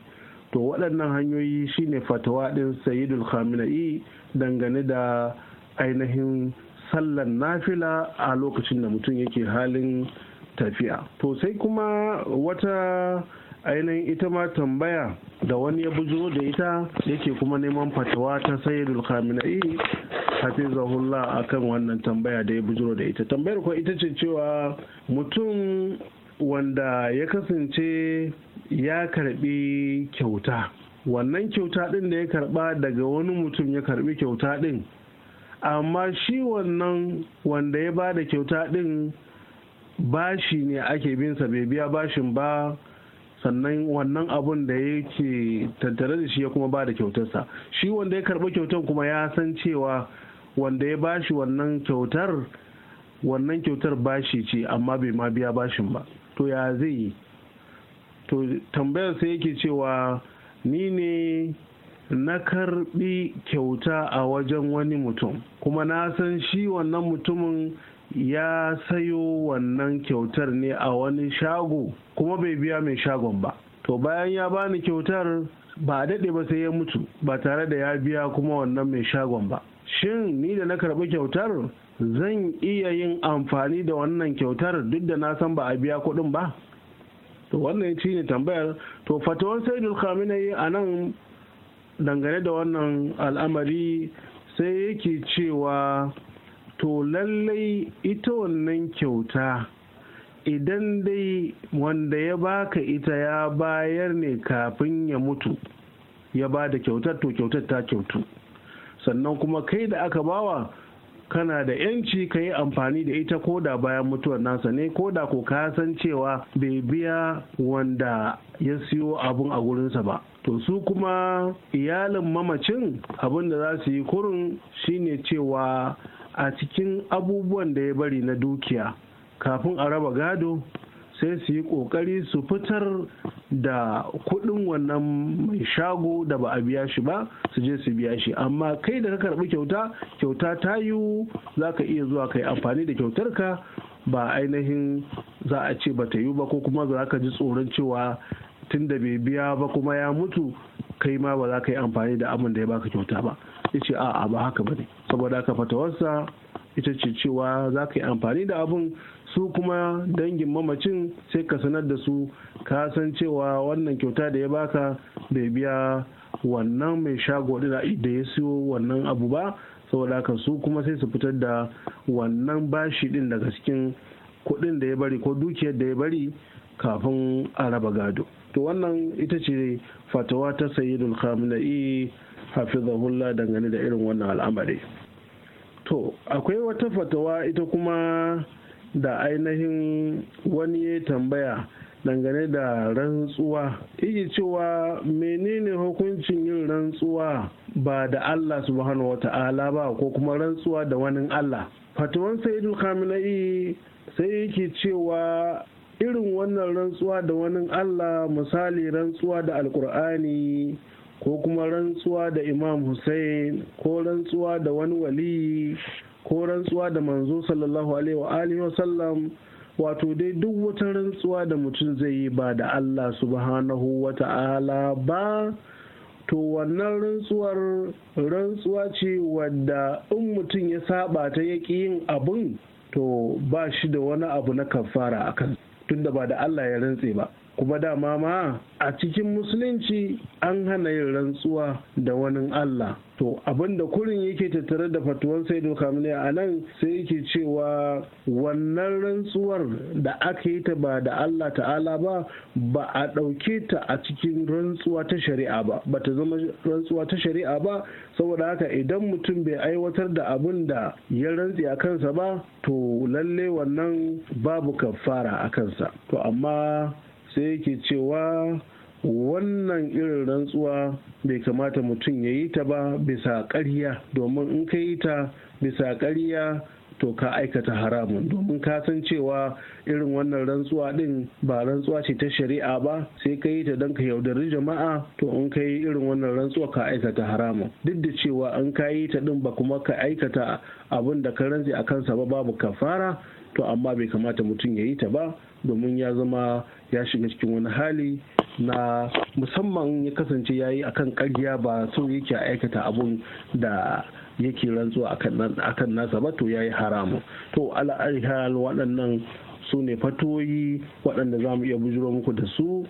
to waɗannan hanyoyi shine fatawa ɗin sayidul dangane da ainihin sallan nafila a lokacin da mutum yake halin tafiya to sai kuma wata ainihin ita ma tambaya da wani ya bujo da ita yake kuma neman fatawa ta sayyidul khamenei a kan wannan tambaya da ya bujo da ita tambayar ita ce cewa mutum wanda ya kasance ya karbi kyauta wannan kyauta din da ya karba daga wani mutum ya karbi kyauta din amma shi wannan wanda ya ba da kyauta din bashi ne ake sa, bai biya bashin ba sannan wannan abun da yake tattare da shi ya kuma ba da kyautarsa shi wanda ya karɓi kyautar kuma ya san cewa wanda ya bashi wannan kyautar wannan kyautar bashi ce amma bai ma biya bashin ba to ya zai yi to tambayar sai yake cewa ni ne na karɓi kyauta a wajen wani mutum kuma na san shi wannan mutumin ya sayo wannan kyautar ne a wani shago kuma bai biya mai shagon ba to bayan ya bani kyautar ba a daɗe ba sai ya mutu ba tare da ya biya kuma wannan mai shagon ba shin ni da na karɓi kyautar zan iya yin amfani da wannan kyautar duk da na san ba a biya kuɗin ba to wannan shi ne tambayar to fatawar saidul yi a nan dangane da wannan al'amari sai yake cewa to lallai ita wannan kyauta idan dai wanda ya baka ita ya bayar ne kafin ya mutu ya ba da kyautar to kyautar ta kyautu sannan kuma kai da aka bawa kana da yanci ka yi amfani da ita ko da bayan mutuwar nasa ne ko da ko ka san cewa bai biya wanda ya siyo abun a gurinsa ba to su kuma iyalin mamacin abin da za su yi kurin shine cewa a cikin abubuwan da ya bari na dukiya kafin a raba gado sai su yi kokari su fitar da kuɗin wannan mai shago da ba a biya shi ba su je su biya shi amma kai da ka karɓi kyauta kyauta ta yiwu za ka iya zuwa ka yi amfani da kyautar ka ba ainihin za a ce ba ta yiwu ba ko kuma za ka ji tsoron cewa tunda bai biya ba kuma ya mutu kai ma ba za ka yi amfani da abin da ya baka kyauta ba ya ce a'a ba haka bane saboda haka fatawarsa ita ce cewa za ka yi amfani da abun su kuma dangin mamacin sai ka sanar da su ka san cewa wannan kyauta da ya baka bai biya wannan mai shago da ya siyo wannan abu ba saboda haka su kuma sai su fitar da wannan bashi din daga cikin kuɗin da ya bari ko dukiyar da ya bari kafin a raba gado to wannan ita ce fatawa ta sayyidul khamenei hafizahullah dangane da irin wannan al'amari to akwai wata fatawa ita kuma da ainihin wani ya tambaya dangane da rantsuwa iji cewa menene hukuncin yin rantsuwa ba da Allah subhanahu Ta'ala ba ko kuma rantsuwa da wani Allah fatawan sayyidul khamenei sai yake cewa irin wannan rantsuwa da wani Allah misali rantsuwa da alkur'ani ko kuma rantsuwa da imam hussein ko rantsuwa da wani wali ko rantsuwa da manzo sallallahu alaihi wa sallam wato dai duk wata rantsuwa da mutum zai yi ba da allah subhanahu wa ta'ala ba to wannan rantsuwar rantsuwa ce wadda in mutum ya saba ta ya yin abin to ba shi da wani abu na kafara akan tunda ba da allah ya rantse ba kuma dama ma a cikin musulunci an hana yin rantsuwa da wani Allah to abinda kurin yake tattare da fatuwan saidu kamile a nan sai yake cewa wannan rantsuwar da aka yi ta ba da allah ta'ala ba ba a ɗauke ta a cikin rantsuwa ta shari'a ba ba ta zama rantsuwa ta shari'a ba saboda haka idan mutum bai aiwatar da abin da ya rantsi a kansa ba to lalle wannan babu kafara a kansa to amma sai yake cewa wannan irin rantsuwa bai kamata mutum ya yi ta ba bisa ƙarya domin in ka yi ta bisa ƙarya to ka aikata haramun domin ka san cewa irin wannan rantsuwa din ba rantsuwa ce ta shari'a ba sai ka yi ta don ka yaudari jama'a to in ka yi irin wannan rantsuwa ka aikata haramun duk da cewa in ka yi ta din ba kuma ka aikata abin da ka rantse a kansa ba babu kafara to amma bai kamata mutum ya yi ta ba domin ya zama ya shiga cikin wani hali na musamman ya kasance ya yi akan ƙarya ba so yake aikata abun da yake rantsuwa akan nasa ba to ya yi haramu to al'arihal waɗannan su ne fatoyi waɗanda za mu iya bujuro muku da su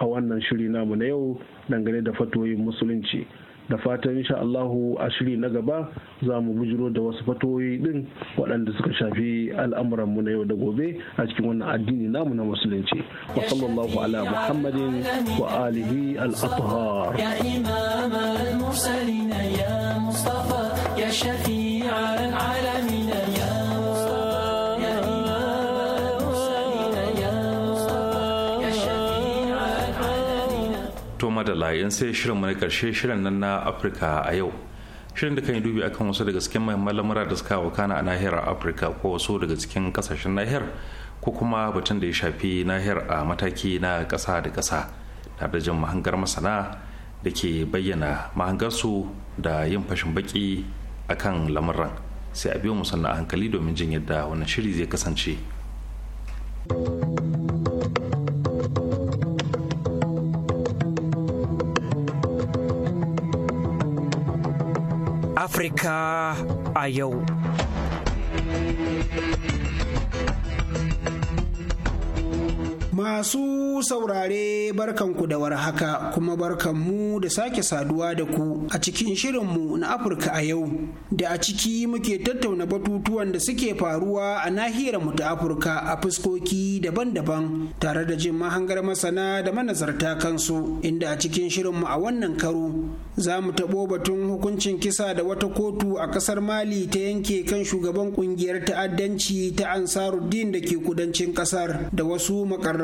a wannan shiri namu na yau dangane da fatoyin musulunci da fatan insha Allahu a shiri na gaba za mu bujiro da wasu fatoyi din waɗanda suka shafi al'amuran mu na yau da gobe a cikin wannan addini namu na musulunci wa sallallahu ala muhammadin wa alihi al-athhar ya imam al-mursalin ya mustafa ya shafi'a al-alamin ya to madalla in sai shirin mu na karshe shirin nan na afirka a yau shirin da kan yi dubi akan wasu daga cikin mahimman lamura da suka wakana a nahiyar afirka ko wasu daga cikin kasashen nahiyar ko kuma batun da ya shafi nahiyar a mataki na kasa da kasa na da jin mahangar masana da ke bayyana mahangarsu da yin fashin baki akan lamuran sai a biyo mu sannan a hankali domin jin yadda wannan shiri zai kasance. Afirka a yau. Masu saurare barkanku da warhaka kuma barkanmu da sake saduwa da ku a cikin shirinmu na Afirka a yau da a ciki muke tattauna batutuwan da suke faruwa a nahiyar mu ta Afirka a fuskoki daban-daban tare da jin mahangar masana da manazarta kansu inda a cikin shirinmu a wannan karo za mu taɓo batun hukuncin kisa da wata kotu a ƙasar Mali ta yanke kan shugaban ƙungiyar ta'addanci ta Ansaruddin da ke kudancin ƙasar da wasu makarrabu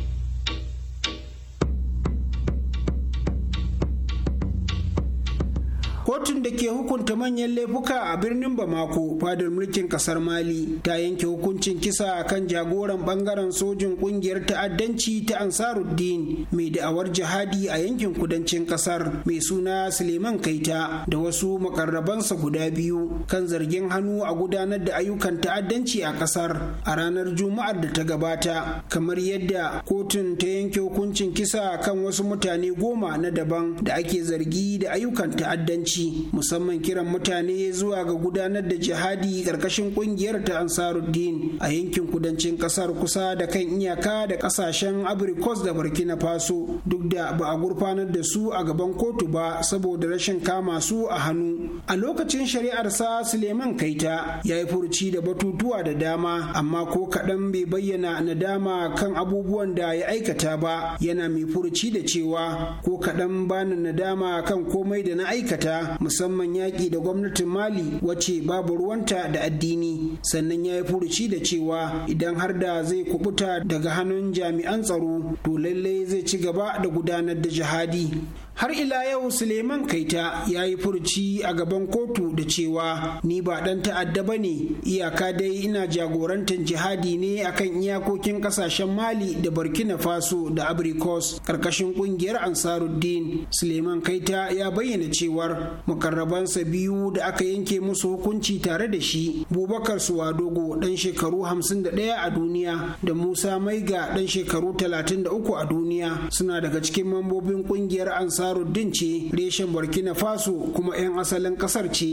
kotun da ke hukunta manyan laifuka a birnin bamako fadar mulkin kasar mali ta yanke hukuncin kisa kan jagoran bangaren sojin kungiyar ta'addanci ta ansaruddin mai da'awar jihadi a yankin kudancin kasar mai suna suleiman kaita da wasu makarrabansa guda biyu kan zargin hannu a gudanar da ayyukan ta'addanci a kasar a ranar juma'ar da ta gabata kamar yadda kotun ta yanke hukuncin kisa kan wasu mutane goma na daban da ake zargi da ayyukan ta'addanci shi musamman kiran mutane zuwa ga gudanar da jihadi ƙarƙashin ƙungiyar ta ansaruddin a yankin kudancin ƙasar kusa da kan iyaka da ƙasashen abrikos da burkina faso duk da ba a gurfanar da su a gaban kotu ba saboda rashin kama su a hannu a lokacin shari'ar sa suleiman kaita ya yi furci da batutuwa da dama amma ko kaɗan bai bayyana nadama kan abubuwan da ya aikata ba yana mai furuci da cewa ko kaɗan bani nadama kan komai da na aikata musamman yaƙi da gwamnatin mali wace babu ruwanta da addini sannan ya yi furuci da cewa idan har da zai kubuta daga hannun jami'an tsaro to lallai zai ci gaba da gudanar da jihadi har ila yau suleiman kaita ya yi furci a gaban kotu da cewa ni ba dan ta'adda ba ne iyaka dai ina jagorantar jihadi ne akan iyakokin kasashen mali da burkina faso da abricos karkashin kungiyar ansaruddin suleiman kaita ya bayyana cewar mukarrabansa biyu da aka yanke musu hukunci tare da shi bubakar suwadogo dan shekaru 51 a duniya da musa maiga dan shekaru talatin da uku a duniya suna daga cikin mambobin kungiyar ansaruddin ansaruddin ce reshen burkina faso kuma 'yan asalin kasar ce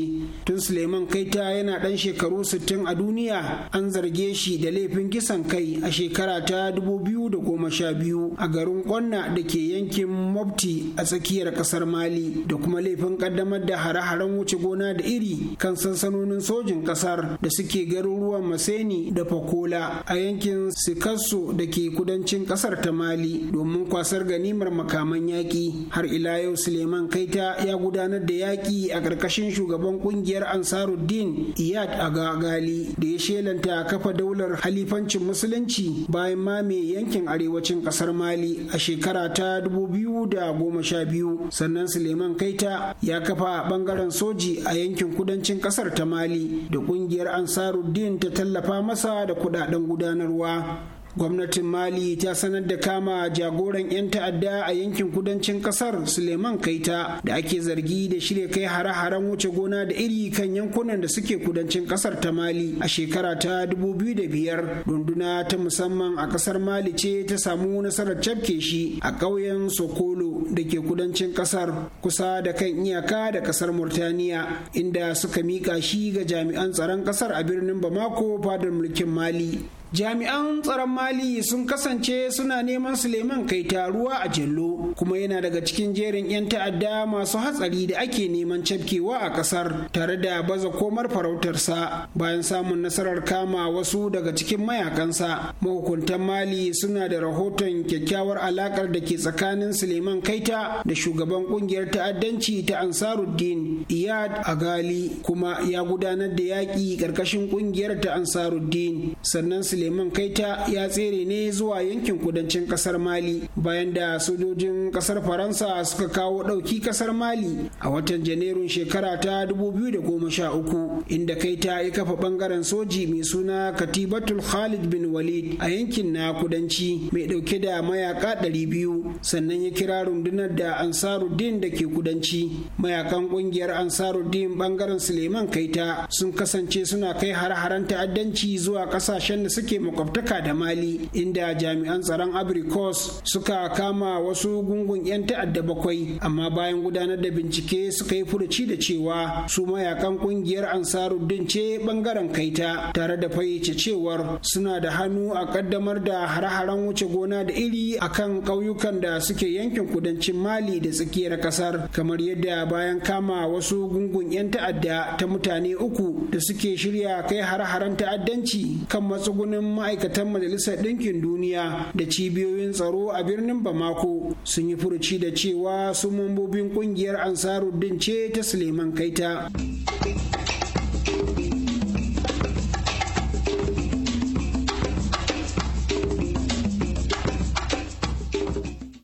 tun suleiman kaita yana dan shekaru 60 a duniya an zarge shi da laifin kisan kai a shekara ta 2012 a garin kwanna da ke yankin mobti a tsakiyar kasar mali da kuma laifin kaddamar da hare-haren wuce gona da iri kan sansanonin sojin kasar da suke garuruwan maseni da fakola a yankin sikasso da ke kudancin kasar ta mali domin kwasar ganimar makaman yaƙi har Abdullahi yau suleiman kaita ya gudanar da yaƙi a ƙarƙashin shugaban ƙungiyar ansaruddin iyad a gagali da ya shelanta kafa daular halifancin musulunci bayan mame yankin arewacin ƙasar mali a shekara ta 2012 sannan suleiman kaita ya kafa ɓangaren soji a yankin kudancin ƙasar ta mali da ƙungiyar ansaruddin ta tallafa masa da kuɗaɗen gudanarwa gwamnatin mali ta sanar da kama jagoran 'yan ta'adda a yankin kudancin kasar suleiman kaita da ake zargi da shirya kai hare-haren wuce gona da iri kan yankunan da suke kudancin kasar ta mali a shekara ta 2005 runduna ta musamman a kasar mali ce ta samu nasarar cafke shi a ƙauyen sokolo da ke kudancin kasar kusa da kan iyaka da kasar murtaniya inda suka miƙa shi ga jami'an tsaron kasar a birnin bamako fadar mulkin mali jami'an tsaron mali sun kasance suna neman suleiman kai taruwa a jello kuma yana daga cikin jerin 'yan ta'adda masu hatsari da ake neman cafkewa a kasar tare da baza komar farautarsa bayan samun nasarar kama wasu daga cikin mayakansa mahukuntan mali suna da rahoton kyakkyawar alakar da ke tsakanin suleiman kaita da shugaban kungiyar ta'addanci ta ansaruddin iyad agali kuma ya gudanar da yaƙi ƙarƙashin kungiyar ta ansaruddin sannan suleiman kaita ya tsere ne zuwa yankin kudancin kasar mali bayan da sojojin kasar faransa suka kawo ɗauki kasar mali a watan janairun shekara ta 2013 inda kaita ya kafa bangaren soji mai suna katibatul khalid bin walid a yankin na kudanci mai ɗauke da mayaka 200 sannan ya kira rundunar da ansaruddin da ke kudanci mayakan kungiyar ansaruddin bangaren suleiman kaita sun kasance suna kai har-haren ta'addanci zuwa kasashen da suke suke makwabtaka da mali inda jami'an tsaron abricos suka kama wasu gungun 'yan ta'adda bakwai amma bayan gudanar da bincike suka yi furuci da cewa su mayakan kungiyar ansaruddin ce bangaren kaita tare da fayyace cewar suna da hannu a kaddamar da hare-haren wuce gona da iri akan ƙauyukan da suke yankin kudancin mali da tsakiyar kasar kamar yadda bayan kama wasu gungun 'yan ta'adda ta mutane uku da suke shirya kai hare-haren ta'addanci kan matsugunan rundunonin ma'aikatan majalisar ɗinkin duniya da cibiyoyin tsaro a birnin bamako sun yi furuci da cewa su mambobin ƙungiyar ansaruddin ce ta suleiman kaita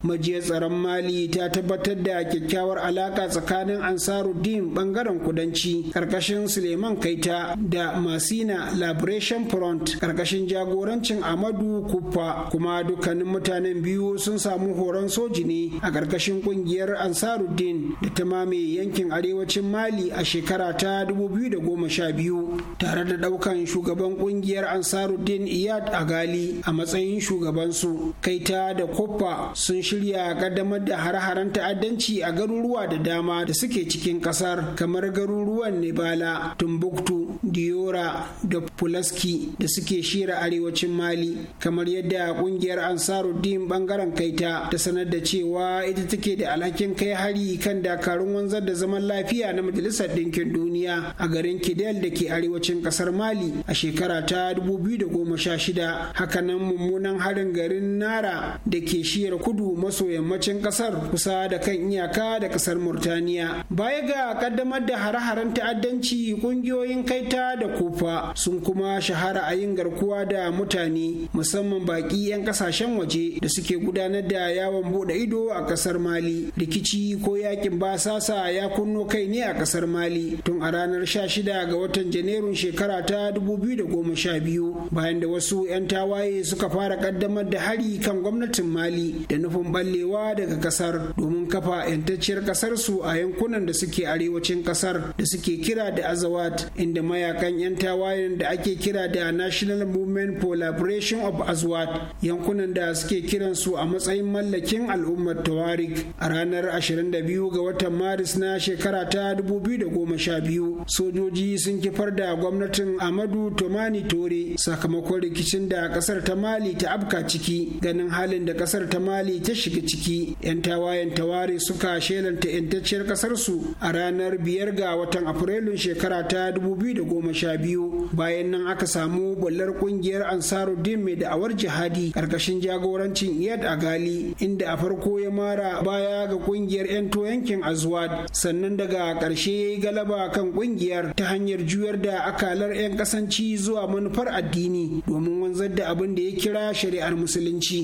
majiyar tsaron mali ta tabbatar da kyakkyawar alaka tsakanin ansaruddin bangaren kudanci karkashin suleiman kaita da masina liberation front karkashin jagorancin amadu kuffa kuma dukkanin mutanen biyu sun samu horon soji ne a karkashin kungiyar ansaruddin da ta mame yankin arewacin mali a shekara ta 2012 tare da daukan shugaban kungiyar ansaruddin iyad agali a matsayin shugabansu kaita da kuffa sun shirya kaddamar da hare-haren ta'addanci a garuruwa da dama da suke cikin kasar kamar garuruwan Nebala, Tumbuktu, Diora da Pulaski da suke shira arewacin Mali kamar yadda kungiyar Ansaruddin bangaren kaita ta sanar da cewa ita take da alhakin kai hari kan dakarun wanzar da zaman lafiya na Majalisar Dinkin Duniya a garin Kidal da ke arewacin kasar Mali a shekara ta biyu da goma sha shida hakanan mummunan harin garin Nara da ke shiyar kudu maso yammacin kasar kusa da kan iyaka da kasar murtaniya baya ga kaddamar da hare-haren ta'addanci kungiyoyin kaita da kufa sun kuma shahara a yin garkuwa da mutane musamman baki 'yan kasashen waje da suke gudanar da yawon bude ido a kasar mali rikici ko yakin basasa ya kunno kai ne a kasar mali tun a ranar 16 ga watan janairun shekara ta 2012 bayan da wasu 'yan tawaye suka fara kaddamar da hari kan gwamnatin mali da nufin ballewa daga kasar domin kafa 'yantacciyar kasar su a yankunan da suke arewacin kasar da suke kira da azawat inda mayakan 'yan tawayen da ake kira da national movement for liberation of azawat yankunan da suke kiran su a matsayin mallakin al'ummar tawarik a ranar 22 ga watan maris na shekara ta 2012 sojoji sun kifar da gwamnatin amadu tomani tore sakamakon rikicin da kasar ta mali ta afka ciki ganin halin da kasar ta mali ta shiga ciki 'yan tawayen taware suka shelanta 'yantacciyar kasarsu a ranar biyar ga watan afrilun shekara ta 2012 bayan nan aka samu bullar kungiyar ansaruddin mai da'awar jihadi karkashin jagorancin iyad a gali inda a farko ya mara baya ga kungiyar 'yan yankin azwad sannan daga karshe ya yi galaba kan kungiyar ta hanyar juyar da akalar 'yan kasanci zuwa manufar addini domin wanzar da abin da ya kira shari'ar musulunci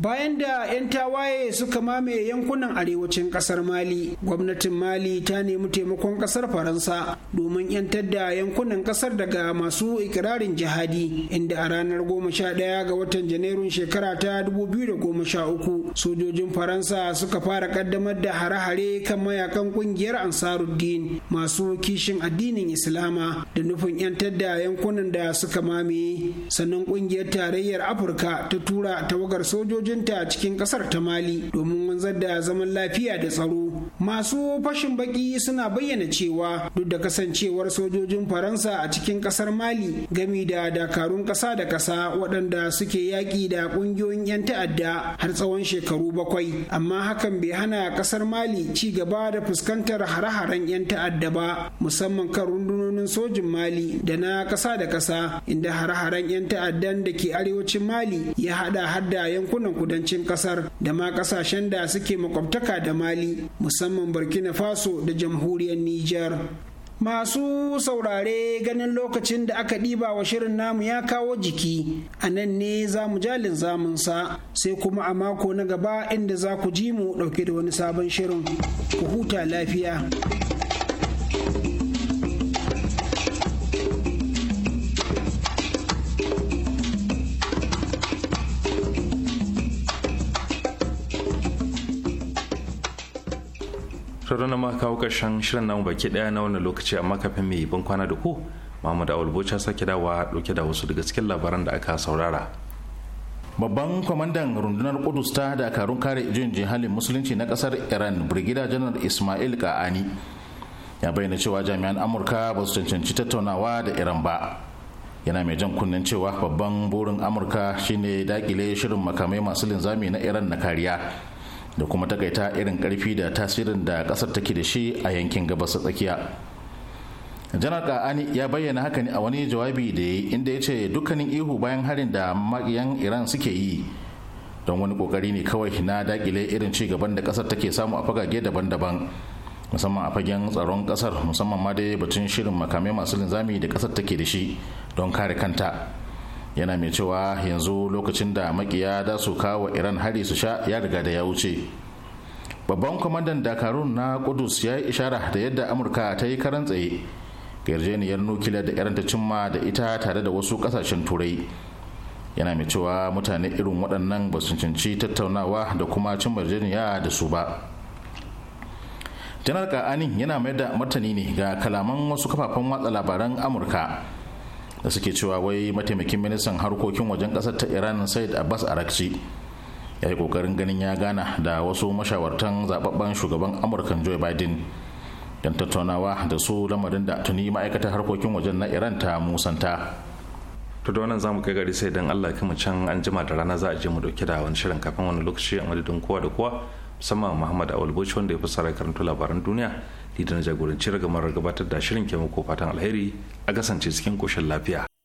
bayan da 'yan tawaye suka mamaye yankunan arewacin kasar mali gwamnatin mali ta nemi taimakon kasar faransa domin 'yantar da yankunan kasar daga masu ikirarin jihadi inda a ranar 11 ga watan janairun shekara ta 2013 sojojin faransa suka fara kaddamar da hare-hare kan mayakan kungiyar ansaruddin masu kishin addinin islama da nufin 'yantar da yankunan da suka mamaye sannan kungiyar tarayyar afirka ta tura tawagar sojoji sojojinta a cikin kasar ta mali domin wanzar da zaman lafiya da tsaro masu fashin baki suna bayyana cewa duk da kasancewar sojojin faransa a cikin kasar mali gami da dakarun kasa da kasa waɗanda suke yaƙi da ƙungiyoyin 'yan ta'adda har tsawon shekaru bakwai amma hakan bai hana kasar mali ci gaba da fuskantar hare-haren 'yan ta'adda ba musamman kan rundunonin sojin mali da na kasa da kasa inda hare-haren 'yan ta'addan da ke arewacin mali ya haɗa har da yankunan kudancin kasar da ma kasashen da suke makwabtaka da mali musamman burkina faso da jamhuriyar niger Masu saurare ganin lokacin da aka ɗiba wa shirin namu ya kawo jiki, a nan ne za mu jalin zamunsa sai kuma a mako na gaba inda za ku ji mu ɗauke da wani sabon shirin. Ku huta lafiya. sauraro na maka kawo ƙarshen shirin namu baki ɗaya na wannan lokaci amma kafin mai ban kwana da ku Mahmud Awul Bocha sake dawa ɗauke da wasu daga cikin labaran da aka saurara. Babban kwamandan rundunar Kudus ta dakarun kare jin jihalin musulunci na kasar Iran, Brigida Janar Ismail Ka'ani, ya bayyana cewa jami'an Amurka ba su cancanci tattaunawa da Iran ba. Yana mai jan kunnen cewa babban burin Amurka shine dakile shirin makamai masu linzami na Iran na kariya. da kuma takaita irin karfi da tasirin da kasar take da shi a yankin gabas tsakiya janar ka'ani ya bayyana haka ne a wani jawabi da ya yi inda ya ce dukkanin ihu bayan harin da makiyan iran suke yi don wani kokari ne kawai na dakile irin ci gaban da kasar take samu a fagage daban-daban musamman a fagen tsaron kasar musamman ma dai batun shirin makamai masu linzami da kasar take da shi don kare kanta yana mai cewa yanzu lokacin da makiya da su kawo iran hari su sha ya riga da ya wuce babban kwamandan dakarun na kudus ya yi ishara da yadda amurka ta yi karan tsaye ga yarjeniyar nukiliyar da iran ta cimma da ita tare da wasu kasashen turai yana mai cewa mutane irin waɗannan ba su cinci tattaunawa da kuma cin yarjeniya da su ba janar ka'anin yana mai da martani ne ga kalaman wasu kafafen watsa labaran amurka da suke cewa wai mataimakin ministan harkokin wajen kasar ta iran said abbas arakci ya yi kokarin ganin ya gana da wasu mashawartan zababben shugaban amurkan joe biden don tattaunawa da su lamarin da tuni ma'aikatar harkokin wajen na iran ta musanta to da wannan za mu kai gari sai dan allah kuma can an jima da rana za a je mu dauke da wani shirin kafin wani lokaci a madadin kowa da kowa musamman muhammad awal wanda ya fi sarai karanta labaran duniya idan jagoranci ragamar gabatar da shirin ke fatan alheri a kasance cikin koshin lafiya